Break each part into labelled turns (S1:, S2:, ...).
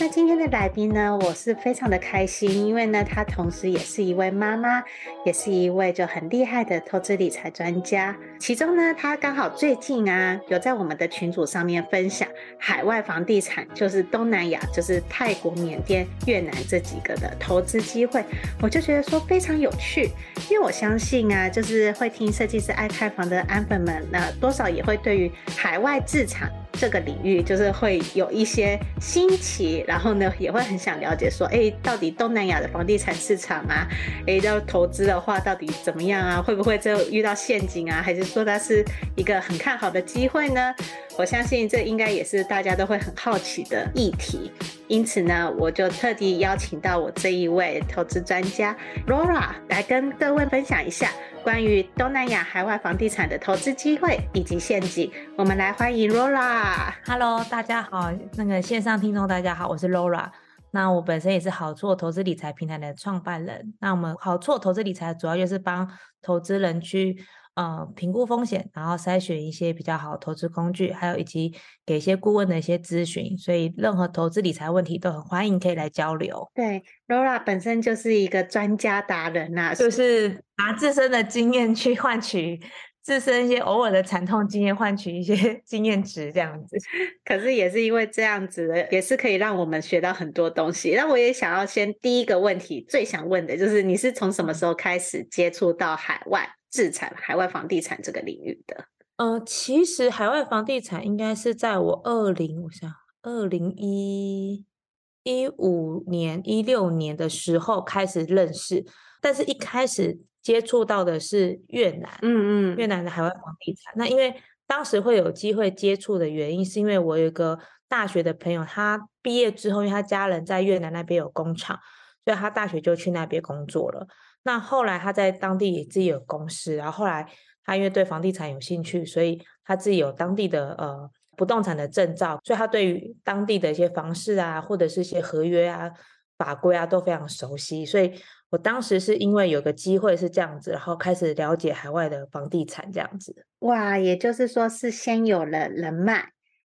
S1: 那今天的來賓呢，我是非常的開心，因為呢，他同時也是一位媽媽，也是一位就很厲害的投資理財專家。其中呢，他剛好最近啊，有在我們的群組上面分享海外房地產，就是東南亞，就是泰國、緬甸、越南這幾個的投資機會。我就覺得說非常有趣，因為我相信啊，就是會聽設計師愛看房的安粉們，那、呃、多少也會對於海外置產這個領域，就是會有一些新奇，然後呢，也會很想了解說，哎，到底東南亞的房地產市場啊，哎，要投資的話到底怎麼樣啊？會不會就遇到陷阱啊？還是說它是一個很看好的機會呢？我相信這應該也是大家都會很好奇的議題。因此呢，我就特地邀請到我這一位投資專家 Laura 來跟各位分享一下。關於東南亞海外房地產的投資機會以及陷阱，我們來歡迎 Laura Hello，大家好，那個
S2: 線上聽眾大家好，我是 Laura 那我本身也是好厝投資理財平台的創辦人。那我們好厝投資理財主要就是幫投資人去。呃，評估風險，然後篩選一些比較好的投資工具，還有以及給一些顧問的一些諮詢。所以，任何投資理財問題都很歡迎，可以來交流。
S1: 對，Laura 本身就是一個專家達人吶、啊，就是拿自身的經驗去換取自身一些
S2: 偶爾的慘痛經驗，換取一些經驗值這樣子。
S1: 可是也是因為這樣子，也是可以讓我們學到很多東西。那我也想要先第一個問題最想問的就是，你是從什麼時候開始接觸到海外？置產。海外房地產這個領域的？
S2: 呃，其實海外房地產應該是在我二零我想二零一，一五年一六年的時候開始認識，但是一開始接觸到的是越南，嗯嗯，越南的海外房地產。那因為當時會有機會接觸的原因，是因為我有一個大學的朋友，他畢業之後，因為他家人在越南那邊有工廠，所以他大學就去那邊工作了。那後來他在當地也自己有公司，然後後來他因為對房地產有興趣，所以他自己有當地的呃不動產的證照，所以他對於當地的一些房市啊，或者是一些合約啊、法規啊都非常熟悉。所以我當時是因為有個機會是這樣子，然後開始了解海外的房地產這樣子。
S1: 哇，也就是說是先有了人脈，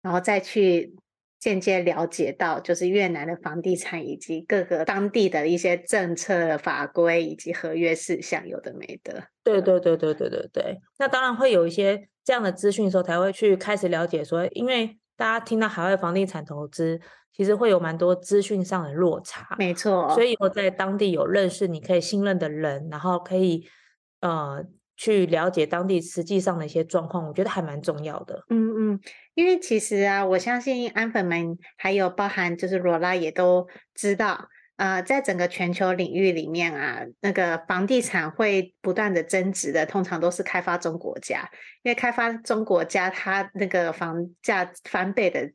S1: 然後再去。間接了解到，就是越南的房地產以及各個當地的一些政策法規以及合約事項，有的沒的。對,對
S2: 對對對對對對。那
S1: 當然會有一些
S2: 這樣的資訊的時候，才會去開始了解說，因為大家聽到海外房地產投資，其實會有蠻多資訊上的落差。沒錯。所以，我在當地有認識你可以信任的人，然後可以呃去了解當地實際上的一些狀況，我覺得還蠻重要的。
S1: 嗯嗯。嗯因為其實啊，我相信安粉們還有包含就是羅拉也都知道啊、呃，在整個全球領域裡面啊，那個房地產會不斷的增值的，通常都是開發中國家，因為開發中國家它那個房價翻倍的。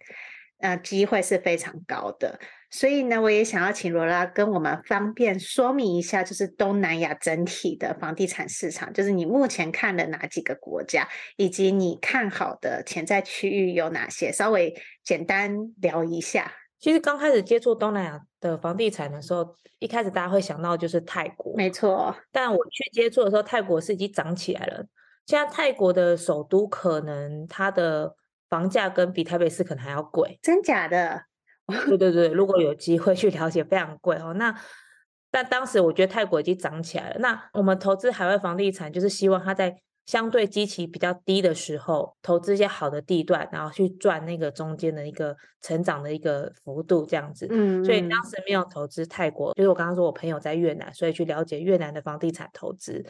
S1: 呃，機會是非常高的，所以呢，我也想要請羅拉跟我們方便說明一下，就是東南亞整體的房地產市場，就是你目前看的哪幾個國家，以及你看好的潛在區域有哪些，稍微簡單聊一
S2: 下。其實剛開始接觸東南亞的房地產的時候，一開始大家會想到就是泰國，沒錯。但我去接觸的時候，泰國是已經漲起來了。現在泰國的首都可能它的。房價跟比台北市可能還要貴，真假的？ 對對對，如果有機會去了解，非常貴哦。那但當時我覺得泰國已經漲起來了。那我們投資海外房地產，就是希望它在相對基期比較低的時候，投資一些好的地段，然後去賺那個中間的一個成長的一個幅度，這樣子。嗯，嗯。所以當時沒有投資泰國，就是我剛剛說我朋友在越南，所以去了解越南的房地產投資。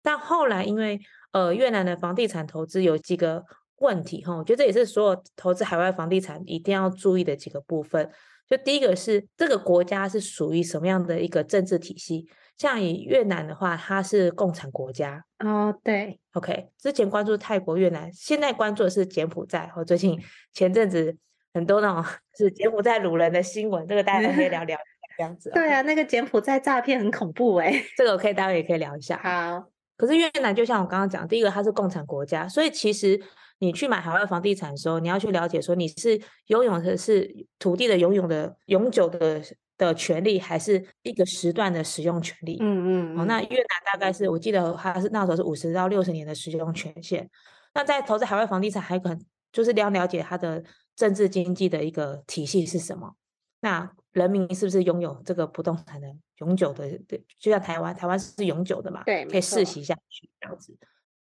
S2: 但後來因為呃越南的房地產投資有幾個。問題哈，我覺得這也是所有投資海外房地產一定要注意的幾個部分。就第一個是這個國家是屬於什麼樣的一個政治體系，像以越南的話，它是共產國家。
S1: 哦，對
S2: ，OK。之前關注泰國、越南，現在關注的是柬埔寨。我最近前陣子很多那種是柬埔寨擄人的新聞，這個大家可以聊聊、嗯、這樣子。Okay、對
S1: 啊，那個柬埔寨詐騙很恐怖哎、
S2: 欸，這個我待會大家也可以聊一下。好，可是越南就像我剛剛講，第一個它是共產國家，所以其實。你去買海外房地產的時候，你要去了解說你是擁有的是土地的擁有的永久的的權利，還是一個時段的使用權利。嗯，嗯嗯。哦，那越南大概是我記得它是那時候是五十到六十年的使用權限。那在投資海外房地產，還可能就是你要了解它的政治經濟的一個體系是什麼？那人民是不是擁有這個不動產的永久的？對，就像台灣，台灣是永久的嘛？對，可以世襲下去這樣子。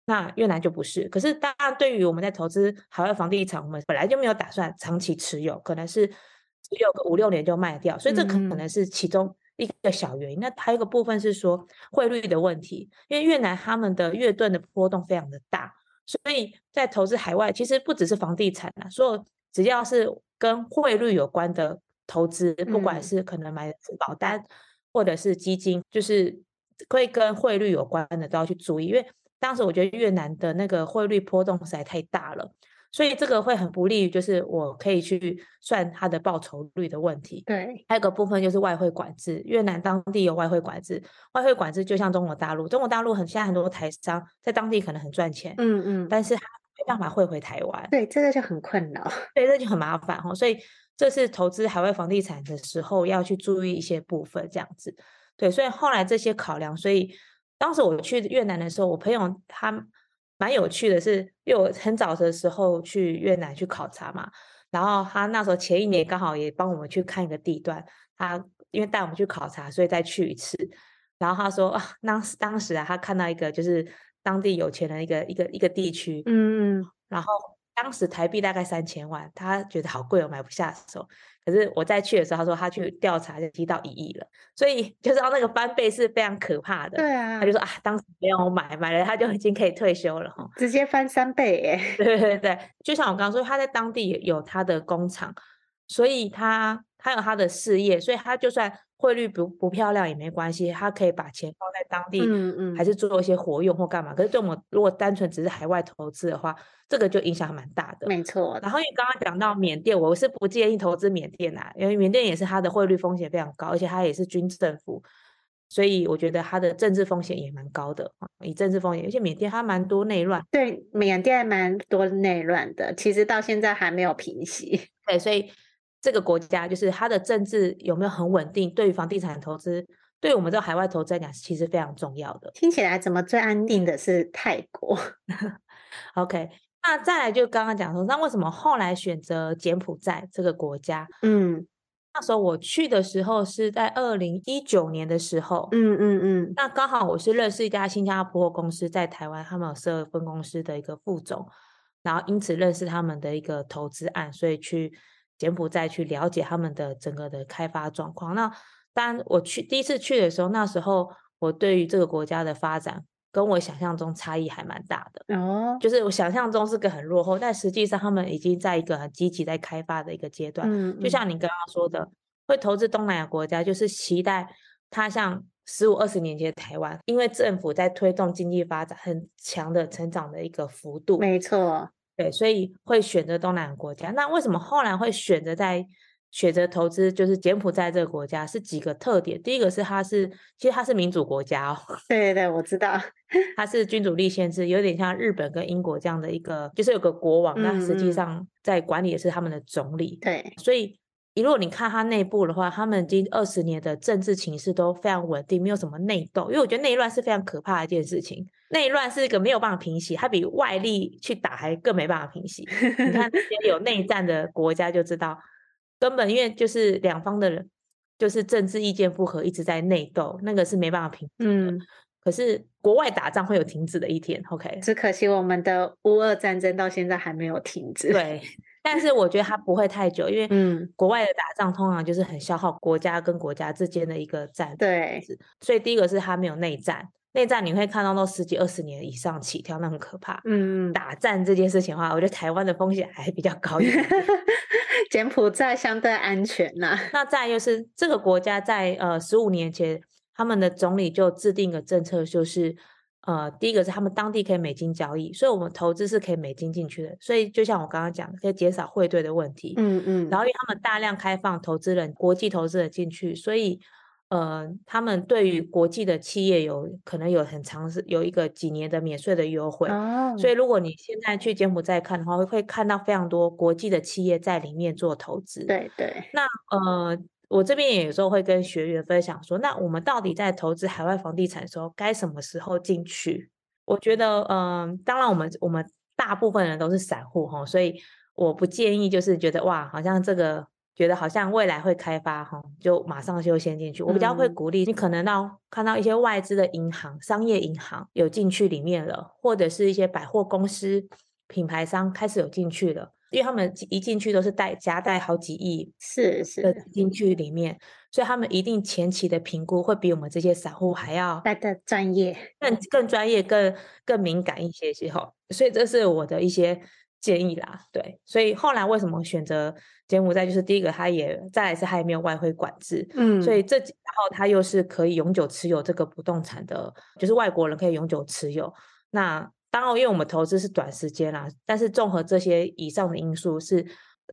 S2: 那越南就不是，可是當然，對於我們在投資海外房地產，我們本來就沒有打算長期持有，可能是只有個五六年就賣掉，所以這可能是其中一個小原因。嗯、那還有一個部分是說匯率的問題，因為越南他們的越盾的波動非常的大，所以在投資海外，其實不只是房地產啊，所有只要是跟匯率有關的投資，不管是可能買保單或者是基金，嗯、就是會跟匯率有關的都要去注意，因為。當時我覺得越南的那個匯率波動實在太大了，所以這個會很不利於，就是我可以去算它的報酬率的問題。對，還有一個部分就是外匯管制，越南當地有外匯管制，外匯管制就像中國大陸，中國大陸很現在很多台商在當地可能很賺錢，嗯嗯，但是他
S1: 沒辦法匯回台灣，對，這個就很困擾，
S2: 對，這就很麻煩。所以這次投資海外房地產的時候要去注意一些部分這樣子，對，所以後來這些考量，所以。當時我去越南的時候，我朋友他蠻有趣的是，是因為我很早的時候去越南去考察嘛，然後他那時候前一年剛好也幫我們去看一個地段，他因為帶我們去考察，所以再去一次，然後他說啊，當時當時啊，他看到一個就是當地有錢的一個一個一個地區，嗯嗯，然後。當時台幣大概三千萬，他覺得好貴哦，我買不下手。可是我在去的時候，他說他去調查，就提到一億了。所以就知道那個翻倍是非常可怕的。對啊，他就說啊，當時沒有買，買了他就已經可以退休了。直接翻三倍耶。對對對，就像我剛剛說，他在當地有他的工廠，所以他他有他的事業，所以他就算。匯率不不漂亮也沒關係，他可以把錢放在當地，嗯嗯還是做一些活用或幹嘛。可是對我們如果單純只是海外投資的話，這個就影響還蠻大的。沒錯。然後因為剛剛講到緬甸，我是不建議投資緬甸吶、啊，因為緬甸也是它的匯率風險非常高，而且它也是軍政府，所以我覺得它的政治風險也蠻高的、啊。以政治風險，而且緬甸,甸還蠻多內亂。對，緬甸蠻多內亂的，其實到現在還沒有平息。對，所以。這個國家就是它的政治有沒有很穩定？對於房地產投資，對我們這海外投資來講，其
S1: 實非常重要的。聽起來怎麼最安定的是泰國
S2: ？OK，那再來就剛剛講說，那為什麼後來選擇柬埔寨這個國家？嗯，那時候我去的時候是在二零一九年的時候。嗯嗯嗯。嗯嗯，那剛好我是認識一家新加坡公司在台灣，他們有設分公司的一個副總，然後因此認識他們的一個投資案，所以去。柬埔寨去了解他們的整個的開發狀況。那當然，我去第一次去的時候，那時候我對於這個國家的發展跟我想象中差異還蠻大的。哦，就是我想象中是個很落後，但實際上他們已經在一個很積極在開發的一個階段。嗯嗯，就像你剛剛說的，會投資東南亞國家，就是期待它像十五、二十年前的台灣，因為政府在推動經濟發展，很強的成長的一個幅度。沒錯。對，所以會選擇東南亞國家。那為什麼後來會選擇在選擇投資，就是柬埔寨這個國家？是幾個特點？第一個是它是，其實它是民主國家哦。對，對對，我知道，它是君主立憲制，有點像日本跟英國這樣的一個，就是有個國王，嗯嗯，那實際上在管理也是他們的總理。對，所以。如果你看他內部的話，他們已經二十年的政治情勢都非常穩定，沒有什麼內鬥。因為我覺得內亂是非常可怕的一件事情，內亂是一個沒有辦法平息，它比外力去打還更沒辦法平息。你看那些有內戰的國家就知道， 根本因為就是兩方的人就是政治意見不合，一直在內鬥，那個是沒辦法平息。嗯，可是國外打仗會有停止的一天。OK，只可惜我們的烏俄戰
S1: 爭到現在還沒有停止。對。
S2: 但是我覺得它不會太久，因為嗯，國外的打仗通常就是很消耗國家跟國家之間的一個戰爭。對，所以第一個是他沒有內戰，內戰你會看到那十幾二十年以上起跳，那很可怕。嗯，打戰這件事情的話，我覺得台灣的風險還比較高一點， 柬埔寨相對安全吶、啊。那再就是這個國家在呃十五年前，他們的總理就制定個政策，就是。呃，第一個是他們當地可以美金交易，所以我們投資是可以美金進去的。所以就像我剛剛講的，可以減少匯兌的問題。嗯嗯。然後因為他們大量開放投資人、國際投資人進去，所以呃，他們對於國際的企業有可能有很長時有一個幾年的免稅的優惠。哦。所以如果你現在去柬埔寨看的話，會會看到非常多國際的企業在裡面做投資。對對。那呃。我這邊也有時候會跟學員分享說，那我們到底在投資海外房地產的時候，該什麼時候進去？我覺得，嗯，當然我們我們大部分人都是散戶哈，所以我不建議就是覺得哇，好像這個覺得好像未來會開發哈，就馬上就先進去。我比較會鼓勵你，可能到看到一些外資的銀行、商業銀行有進去裡面了，或者是一些百貨公司、品牌商開始有進去了。因為他們一進去都是帶夾帶好幾億是是的進去裡面，所以他們一定前期的評估會比我們這些散戶還要更，更專業、更更專業、更更敏感一些些哈。哦、 所以這是我的一些建議啦。對，所以後來為什麼選擇柬埔寨？就是第一個，他也再來是他也沒有外匯管制，嗯，所以這然後他又是可以永久持有這個不動產的，就是外國人可以永久持有。那。當然，因為我們投資是短時間啦，但是綜合這些以上的因素是，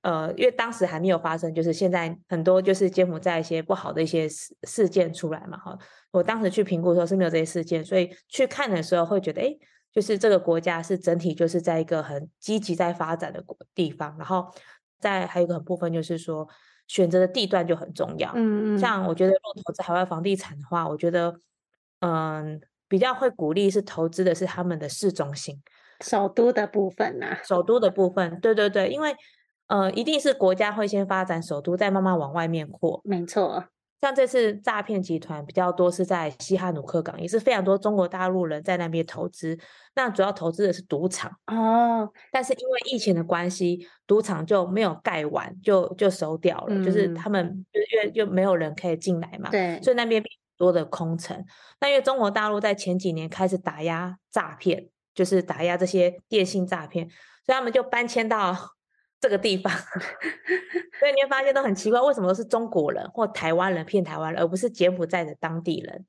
S2: 呃，因為當時還沒有發生，就是現在很多就是柬埔寨在一些不好的一些事事件出來嘛，哈。我當時去評估的時候是沒有這些事件，所以去看的時候會覺得，誒，就是這個國家是整體就是在一個很積極在發展的地方。然後再還有一個很部分就是說，選擇的地段就很重要。嗯嗯。像我覺得如果投資海外房地產的話，我覺得，嗯、呃。比較會鼓勵是投資的是他們的市中心、首都的部分吶、啊，首都的部分，對對對，因為呃，一定是國家會先發展首都，再慢慢往外面擴，沒錯。像這次詐騙集團比較多是在西哈努克港，也是非常多中國大陸人在那邊投資，那主要投資的是賭場哦，但是因為疫情的關係，賭場就沒有蓋完，就就收掉了，嗯、就是他們就是因為就沒有人可以進來嘛，對，所以那邊。多的空城。那因為中國大陸在前幾年開始打壓詐騙，就是打壓這些電信詐騙，所以他們就搬遷到這個地方。 所以你會發現都很奇怪，為什麼都是中國人或台灣人騙台灣人，而不是柬埔寨的當地人？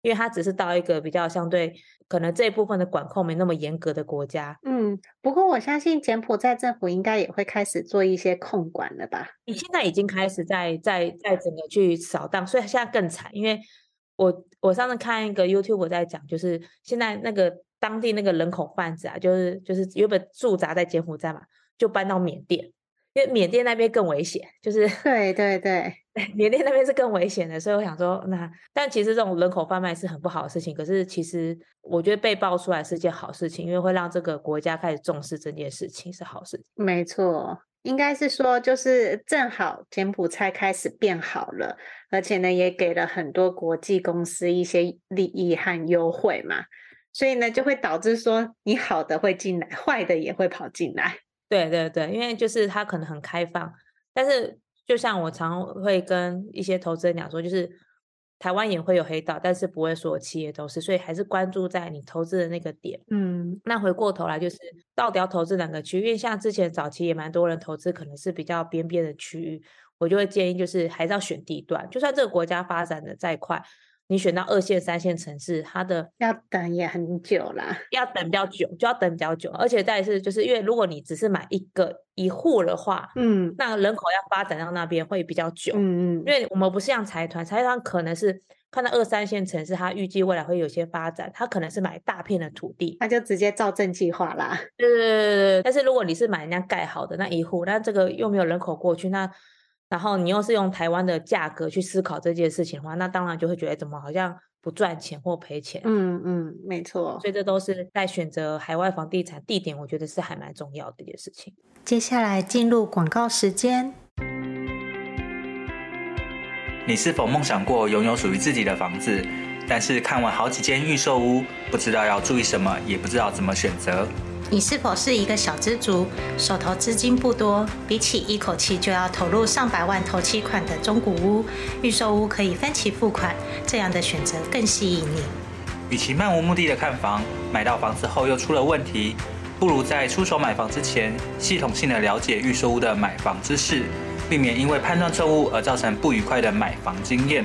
S2: 因為他只是到一個比較相對可能這一部分的管控沒那麼嚴格的國家。
S1: 嗯，不過我相信柬埔寨政府應該也會開始做一些控管了吧？你現在已經開始
S2: 在在在整個去掃蕩，所以現在更慘，因為。我我上次看一個 YouTube 在講，就是現在那個當地那個人口販子啊、就是，就是就是原本駐紮在柬埔寨嘛，就搬到緬甸，因為緬甸那邊更危險。就是對對對，緬甸那邊是更危險的。所以我想說，那但其實這種人口販賣是很不好的事情。可是其實我覺得被爆出來是件好事情，因為會讓這個國家開始重視這件事情，是好事
S1: 情。沒錯。應該是說，就是正好柬埔寨開始變好了，而且呢，也給了很多國際公司一些利益和優惠嘛，所以呢，就會導致說，你好的會進來，壞的也會跑進來。
S2: 對對對，因為就是他可能很開放，但是就像我常會跟一些投資人講說，就是。台灣也會有黑道，但是不會所有企業都是，所以還是關注在你投資的那個點。嗯，那回過頭來就是到底要投資哪個區？因為像之前早期也蠻多人投資，可能是比較邊邊的區域，我就會建議就是還是要選地段，就算這個國家發展的再快。你選到二線、三線城市，
S1: 它的要等也很久啦，
S2: 要等比較久，就要等比較久。而且再一次，就是因為如果你只是買一個一戶的話，嗯，那人口要發展到那邊會比較久，嗯嗯。因為我們不是像財團，財團可能是看到二三線城市，它預計未來會有些發展，它可能是買大片的土地，
S1: 那就直接造鎮計劃啦。對對對對，
S2: 但是如果你是買人家蓋好的那一戶，那這個又沒有人口過去，那。然後你又是用台灣的價格去思考這件事情的話，那當然就會覺得怎麼好像不賺錢或賠錢。嗯嗯，沒錯。所以這都是在選擇海外房地產地點，我覺得是還蠻
S3: 重要的一件事情。
S1: 接下來進入廣告時間。
S3: 你是否夢想過擁有屬於自己的房子，但是看完好幾間預售屋，不知道要注意什麼，也不知道怎麼選擇？
S1: 你是否是一個小資族，手頭資金不多，比起一口氣就要投入上百萬頭期款的中古屋、預售屋，可以分期付款，這樣的選擇更吸引你。
S3: 與其漫無目的的看房，買到房子後又出了問題，不如在出手買房之前，系統性的了解預售屋的買房知識，避免因為判斷錯誤而造成不愉快的買房經驗。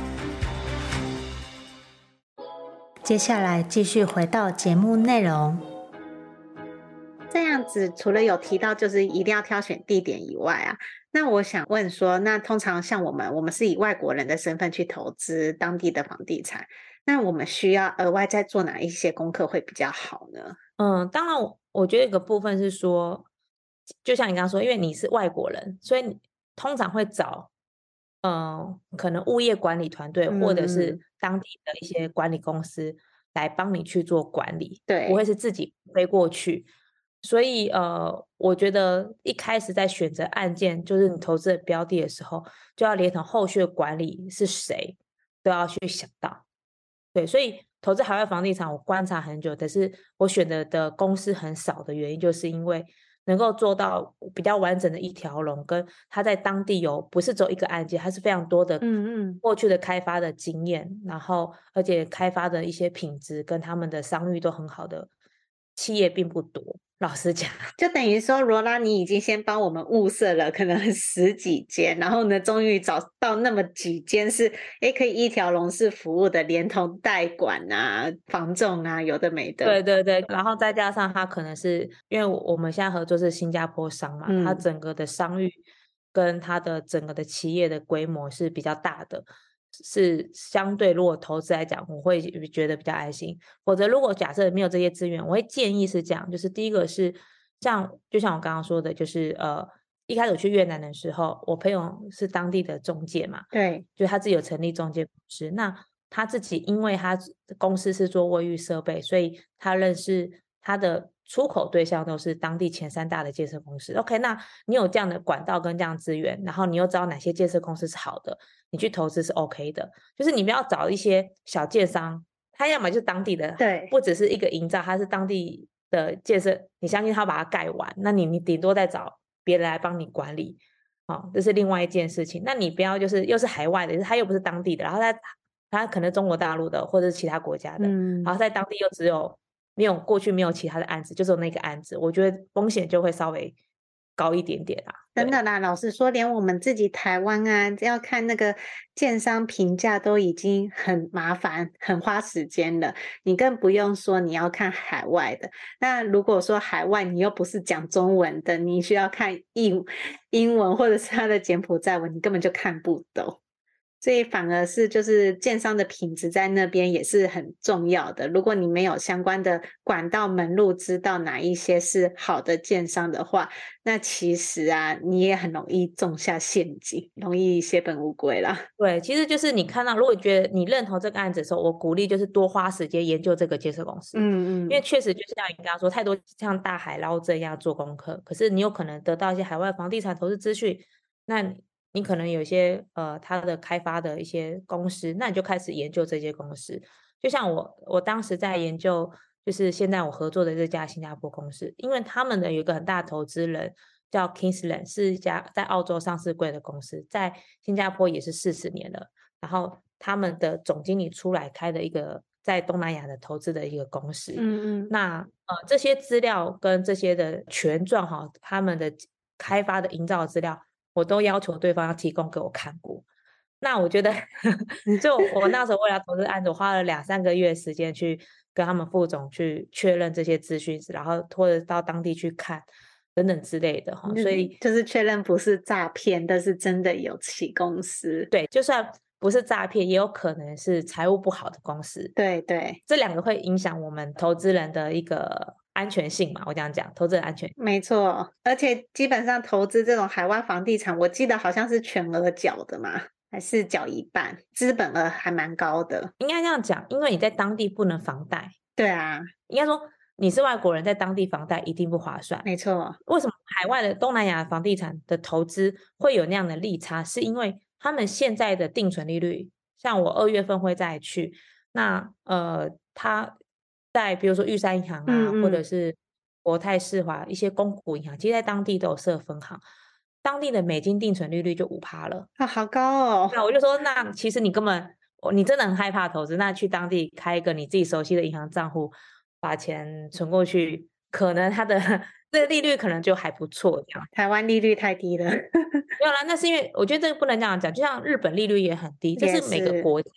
S1: 接下來繼續回到節目內容。這樣子，除了有提到就是一定要挑選地點以外啊，那我想問說，那通常像我們，我們是以外國人的身份去投資當地的房地產，那我們需要額外再做哪一些功課會比較好呢？嗯，
S2: 當然我，我我覺得一個部分是說，就像你剛剛說，因為你是外國人，所以你通常會找。嗯、呃，可能物業管理團隊或者是當地的一些管理公司來幫你去做管理，嗯、對，不會是自己飛過去。所以，呃，我覺得一開始在選擇案件，就是你投資的標的的時候，就要連同後續的管理是誰，都要去想到。對，所以投資海外房地產，我觀察很久，但是我選擇的公司很少的原因，就是因為。能夠做到比較完整的一條龍，跟他在當地有不是只有一個案件，他是非常多的，嗯嗯，過去的開發的經驗，嗯嗯，然後而且開發的一些品質跟他們的商
S1: 譽都很好的企業並不多。老實講，就等於說羅拉，你已經先幫我們物色了可能十幾間，然後呢，終於找到那麼幾間是欸，可以一條龍式服務的，連同代管啊、房仲啊，有的沒的。對
S2: 對對，然後再加上他可能是因為我們現在合作是新加坡商嘛，嗯、他整個的商譽跟他的整個的企業的規模是比較大的。是相對，如果投資來講，我會覺得比較安心。否則，如果假設沒有這些資源，我會建議是這樣：就是第一個是像就像我剛剛說的，就是呃，一開始去越南的時候，我朋友是當地的中介嘛，對，就他自己有成立中介公司。那他自己因為他的公司是做衛浴設備，所以他認識他的出口對象都是當地前三大的建設公司。OK，那你有這樣的管道跟這樣資源，然後你又知道哪些建設公司是好的。你去投資是 OK 的，就是你們要找一些小建商，他要麼就是當地的，對，不只是一個營造，他是當地的建設，你相信他把它蓋完，那你你頂多再找別人來幫你管理，啊、哦，這是另外一件事情。那你不要就是又是海外的，他又不是當地的，然後他他可能中國大陸的或者是其他國家的，嗯、然後在當地又只有沒有過去沒有其他的案子，就是那個案子，我覺得風險就會稍微。高
S1: 一點點啊，真的啦。老實說，連我們自己台灣啊，要看那個建商評價都已經很麻煩、很花時間了。你更不用說你要看海外的。那如果說海外你又不是講中文的，你需要看英英文或者是他的柬埔寨文，你根本就看不懂。所以反而是就是建商的品質在那邊也是很重要的。如果你沒有相關的管道門路，知道哪一些是好的建商的話，那其實啊，你也很容易種下陷阱，容易血本無歸啦。對，
S2: 其實就是你看到，如果覺得你認同這個案子的時候，我鼓勵就是多花時間研究這個建設公司。嗯嗯。因為確實就是像你剛剛說，太多像大海撈針一樣做功課，可是你有可能得到一些海外房地產投資資訊，那。你可能有一些呃，他的開發的一些公司，那你就開始研究這些公司。就像我我當時在研究，就是現在我合作的這家新加坡公司，因為他們的有一個很大的投資人叫 Kingsland，是一家在澳洲上市櫃的公司，在新加坡也是四十年了。然後他們的總經理出來開的一個在東南亞的投資的一個公司。嗯嗯。那呃，這些資料跟這些的權狀哈，他們的開發的營造資料。我都要求對方要提供給我看過，那我覺得，呵呵，就我那時候為了投資案子， 我花了兩三個月時間去跟他們副總去確認這些資訊，然後拖着到當地去看，等等之類的哈。嗯，所以就是確認不是詐騙，但是真的有其公司。對，就算不是詐騙，也有可能是財務不好的公司。對對，這兩個會影響我們投資人的一個。安全性嘛，我這樣講，投資的安全。
S1: 沒錯，而且基本上投資這種海外房地產，我記得好像是全額繳的嘛，還是繳一半，資本額還蠻高的。
S2: 應該這樣講，因為你在當地不能房貸。對啊，應該說你是外國人，在當地房貸一定不划算。沒錯，為什麼海外的東南亞房地產的投資會有那樣的利差？是因為他們現在的定存利率，像我二月份會再去，那呃，他。在比如說玉山銀行啊，嗯嗯，或者是國泰世華一些公股銀行，其實在當地都有設分行，當地的美金定存利率就五趴了，啊，好高哦！那我就說，那其實你根本，你真的很害怕投資，那去當地開一個你自己熟悉的銀行賬戶，把錢存過去，可能它的這個利率可能就還不錯。台灣利率太低了，沒 有啦。那是因為我覺得這個不能這樣講，就像日本利率也很低，這是每個國家。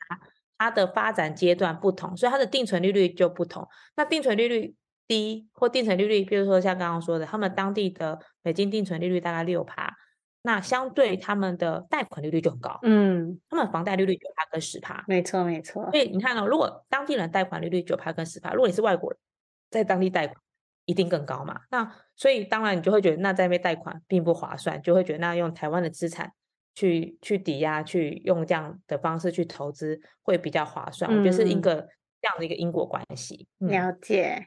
S2: 它的發展階段不同，所以它的定存利率就不同。那定存利率低，或定存利率，比如說像剛剛說的，他們當地的美金定存利率大概六趴，那相對他們的貸款利率就很高。嗯，他們房貸利率九趴跟十趴，沒錯沒錯。所以你看哦，如果當地人貸款利率九趴跟十趴，如果你是外國人，在當地貸款一定更高嘛。那所以當然你就會覺得，那在那邊貸款並不划算，就會覺得那用台灣的資產。去去抵押，去用這樣的方式去投資會比較划算。我覺得是一個這樣的一個因果關係。
S1: 嗯、了解，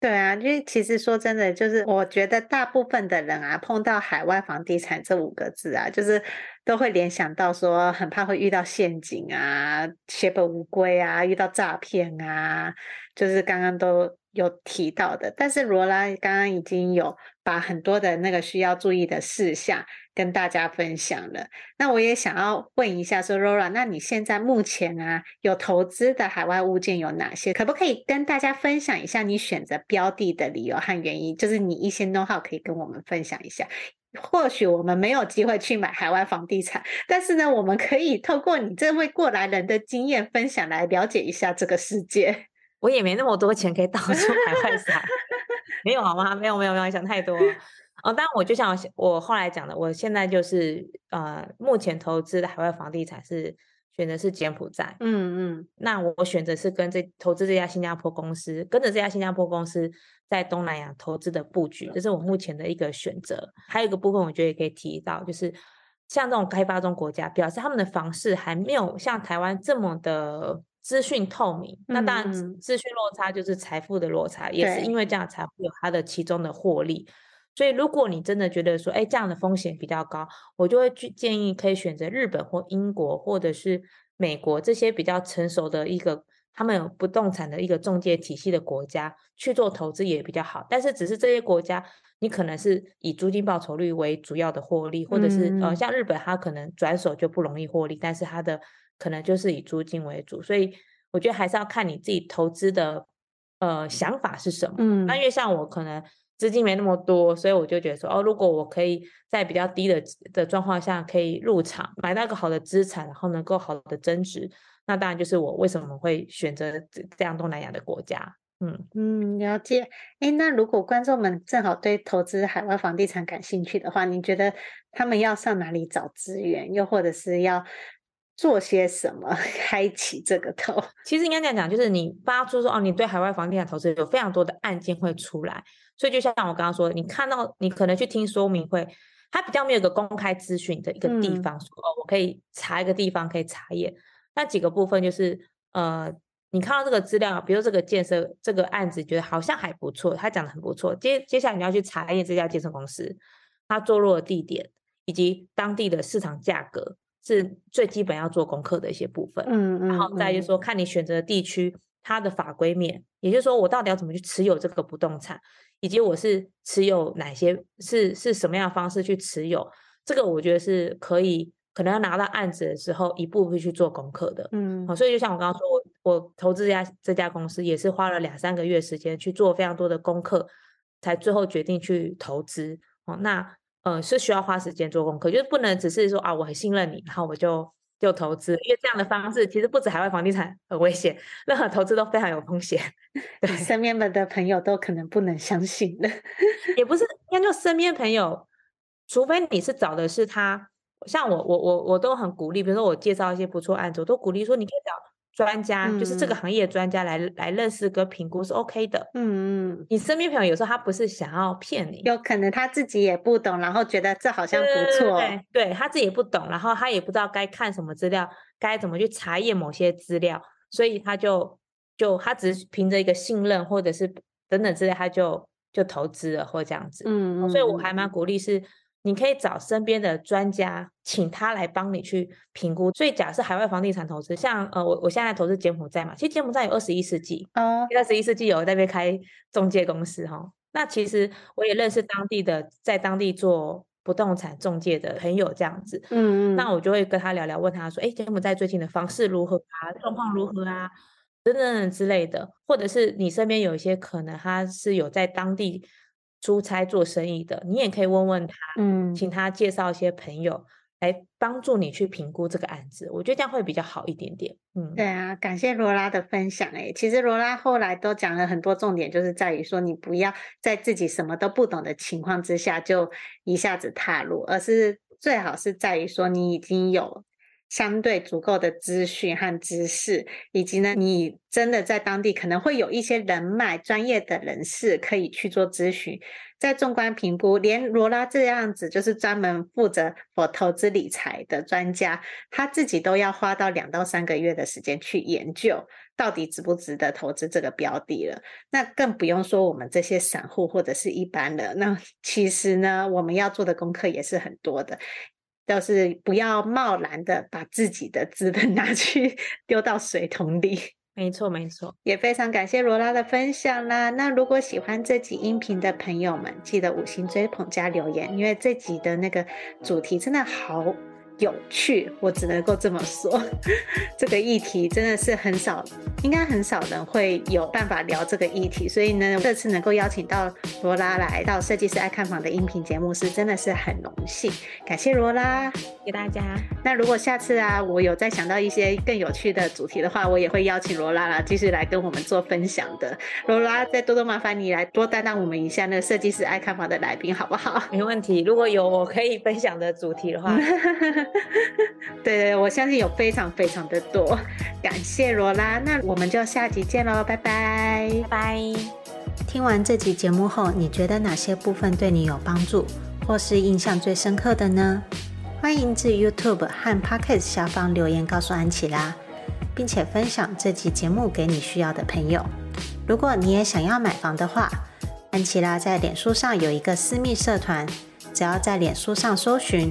S1: 對啊，因為其實說真的，就是我覺得大部分的人啊，碰到海外房地產這五個字啊，就是都會聯想到說，很怕會遇到陷阱啊，血本無歸啊，遇到詐騙啊，就是剛剛都有提到的。但是羅拉剛剛已經有把很多的那個需要注意的事項。跟大家分享了，那我也想要問一下說，說 Laura，那你現在目前啊有投資的海外物件有哪些？可不可以跟大家分享一下你選擇標的的理由和原因？就是你一些 know how 可以跟我們分享一下。或許我們沒有機會去買海外房地產，但是呢，我們可以透過你這位過來人的經驗分享來了解一下這個世界。我也沒那麼多錢可以到
S2: 處買外產， 沒有好嗎？沒有沒有沒有，沒有想太多。哦，當然，我就像我後來講的，我現在就是呃，目前投資的海外房地產是選的是柬埔寨，嗯嗯，嗯，那我選擇是跟這投資這家新加坡公司，跟着這家新加坡公司在東南亞投資的布局，這，就是我目前的一個選擇。還有一個部分，我覺得也可以提到，就是像這種開發中國家，表示他們的房市還沒有像台灣這麼的資訊透明，嗯、那當然資訊落差就是財富的落差，嗯、也是因為這樣才會有它的其中的獲利。所以，如果你真的覺得說，誒，這樣的風險比較高，我就會去建議可以選擇日本或英國，或者是美國這些比較成熟的一個他們有不動產的一個中介體系的國家去做投資也比較好。但是，只是這些國家，你可能是以租金報酬率為主要的獲利，或者是、嗯、呃，像日本，它可能轉手就不容易獲利，但是它的可能就是以租金為主。所以，我覺得還是要看你自己投資的呃想法是什麼。那、嗯、因為像我可能，資金沒那麼多，所以我就覺得說，哦，如果我可以在比較低的的狀況下可以入場買到一個好的資產，然後能夠好的增值，那當然就是我為什麼會選擇這樣東南亞的國家。
S1: 嗯嗯，了解。欸，那如果觀眾們正好對投資海外房地產感興趣的話，你覺得他們要上哪裡找資源，又或者是要？做些什麼開啟這個頭？其實應
S2: 該這樣講，就是你發出說哦，你對海外房地產投資有非常多的案件會出來，所以就像我剛剛說，你看到你可能去聽說明會，它比較沒有個公開諮詢的一個地方，嗯、說哦，我可以查一個地方可以查驗，那幾個部分就是呃，你看到這個資料，比如說這個建設這個案子，覺得好像還不錯，他講的很不錯，接接下來你要去查驗這家建設公司，它坐落的地點以及當地的市場價格。是最基本要做功課的一些部分，嗯嗯，然後再就是說，看你選擇的地區，它的法規面，也就是說，我到底要怎麼去持有這個不動產，以及我是持有哪些是是什麼樣的方式去持有，這個我覺得是可以，可能要拿到案子的時候，一步步去做功課的，嗯，好，所以就像我剛剛說，我我投資這家這家公司也是花了兩三個月時間去做非常多的功課，才最後決定去投資，哦，那。嗯，是需要花時間做功課，就是不能只是說啊，我很信任你，然後我就就投資，因為這樣的方式其實不止海外房地產很危險，任何投資都非常有風險。對，身邊的朋友都可能不能相信的， 也不是，應該說身邊朋友，除非你是找的是他，像我，我我我都很鼓勵，比如說我介紹一些不錯案子，我都鼓勵說你可以找。專家就是這個行業專家來、嗯、來認識跟評估是 OK 的。嗯嗯，你身邊朋友有時候他不是想要騙你，有可能他自己也不懂，然後覺得
S1: 這好像不錯，嗯、對，
S2: 對他自己也不懂，然後他也不知道該看什麼資料，該怎麼去查閱某些資料，所以他就就他只是憑着一個信任或者是等等之類的，他就就投資了或這樣子。嗯嗯，嗯所以我還蠻鼓勵是。你可以找身邊的專家，請他來幫你去評估。所以，假設是海外房地產投資，像呃，我我現在投資柬埔寨嘛，其實柬埔寨有二十一世紀，啊、哦，二十一世紀有在那邊開中介公司哈、哦。那其實我也認識當地的，在當地做不動產中介的朋友，這樣子，嗯，那我就會跟他聊聊，問他說，哎，柬埔寨最近的房市如何啊？狀況如何啊？等等之類的，或者是你身邊有一些可能他是有在當地。出差做生意的，你也可以問問他，嗯，請他介紹一些朋友來幫助你去評估這個案子，我覺得這樣會比較好一
S1: 點點。嗯，對啊，感謝羅拉的分享。欸，其實羅拉後來都講了很多重點，就是在於說你不要在自己什麼都不懂的情況之下就一下子踏入，而是最好是在於說你已經有相對足夠的資訊和知識，以及呢，你真的在當地可能會有一些人脈、專業的人士可以去做諮詢。在縱觀評估，連羅拉這樣子就是專門負責我投資理財的專家，他自己都要花到兩到三個月的時間去研究，到底值不值得投資這個標的了。那更不用說我們這些散戶或者是一般人，那其實呢，我們要做的功課也是很多的。就是不要貿然的把自己的資本拿去丟到水桶裡。沒錯，沒錯，也非常感謝羅拉的分享啦。那如果喜歡這集音頻的朋友們，記得五星追捧加留言，因為這集的那個主題真的好。有趣，我只能夠這麼說。這個議題真的是很少，應該很少人會有辦法聊這個議題。所以呢，這次能夠邀請到羅拉來到設計師愛看房的音頻節目，是真的是很榮幸。感謝羅拉，給大家。那如果下次啊，我有再想到一些更有趣的主題的話，我也會邀請羅拉繼續來跟我們做分享的。羅拉，再多多麻煩你來多擔當我們一下那個設計師愛看房的來賓，好不好？沒問題。如果有我可以分享的主題的話。 對，我相信有非常非常的多，感謝羅拉，那我們就下集見嘍，拜拜拜，拜。聽完這集節目後，你覺得哪些部分對你有幫助，或是印象最深刻的呢？歡迎至 YouTube 和 Podcast 下方留言告訴安琪拉，並且分享這集節目給你需要的朋友。如果你也想要買房的話，安琪拉在臉書上有一個私密社團，只要在臉書上搜尋。